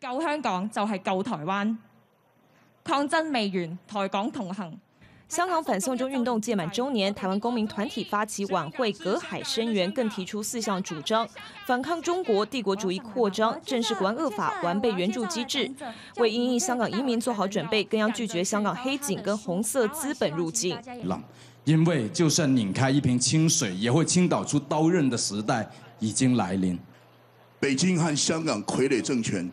救香港就係救台灣，抗爭未完，台港同行。香港反送中運動屆滿周年，台灣公民團體發起晚會，隔海聲援，更提出四項主張：反抗中國帝國主義擴張，正視國安惡法，完備援助機制，為因應香港移民做好準備，更要拒絕香港黑警跟紅色資本入境。因為就算擰開一瓶清水，也會傾倒出刀刃的時代已經來臨。北京和香港傀儡政權。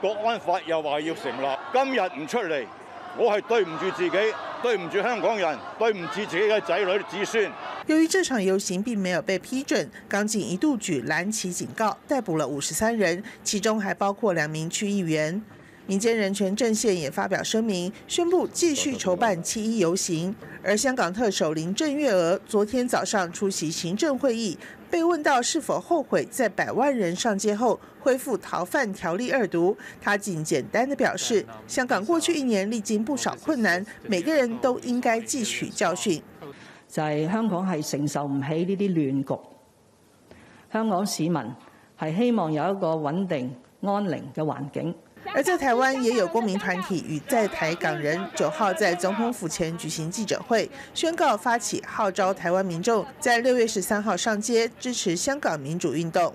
國安法又話要成立，今日唔出嚟，我係對唔住自己，對唔住香港人，對唔住自己嘅仔女子孫。由於這場遊行並沒有被批准，港警一度舉藍旗警告，逮捕了五十三人，其中還包括兩名區議員。民間人權陣線也發表聲明，宣布繼續籌辦七一遊行。而香港特首林鄭月娥昨天早上出席行政會議，被問到是否後悔在百萬人上街後，恢復逃犯條例二讀，他僅簡單的表示，香港過去一年歷經不少困難，每個人都應該汲取教訓。就係香港係承受唔起呢啲亂局，香港市民係希望有一個穩定安寧嘅環境。而在台灣，也有公民團體與在台港人九號在總統府前舉行記者會，宣告發起號召，台灣民眾在六月十三號上街支持香港民主運動。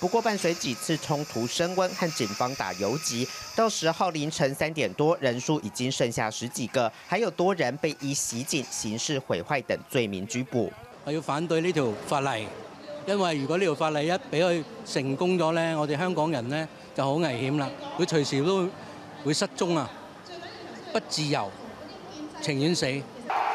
不過伴隨幾次衝突升溫和警方打游擊，到十號凌晨三點多，人數已經剩下十幾個，還有多人被以襲警、刑事毀壞等罪名拘捕。我要反對呢條法例，因為如果呢條法例一俾佢成功咗呢，我哋香港人呢就好危險啦，佢隨時都會失蹤啊，不自由，情願死。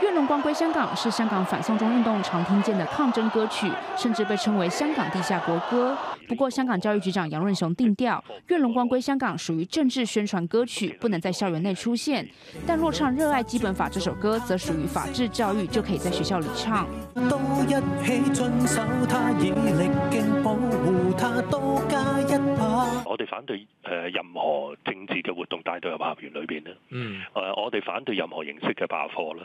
《願榮光歸香港》是香港反送中運動常聽見的抗爭歌曲，甚至被稱為香港地下國歌。不過，香港教育局長楊潤雄定調，《願榮光歸香港》屬於政治宣傳歌曲，不能在校園內出現。但若唱《熱愛基本法》這首歌，則屬於法治教育，就可以在學校裏唱。我哋反對誒任何政治嘅活動帶到入校園裏邊咧。嗯。誒，我哋反對任何形式嘅罷課啦。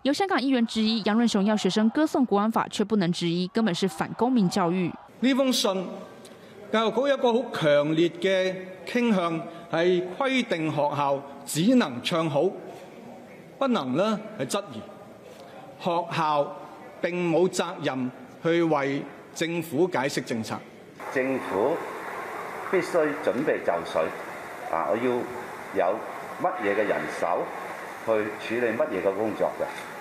由香港議員質疑楊潤雄要學生歌頌國安法，卻不能質疑，根本是反公民教育。呢封信，教育局有一個好強烈嘅傾向，係規定學校只能唱好，不能呢係質疑。學校並冇責任去為政府解釋政策。政府必須準備就緒，啊，我要有乜嘢嘅人手去處理乜嘢嘅工作嘅。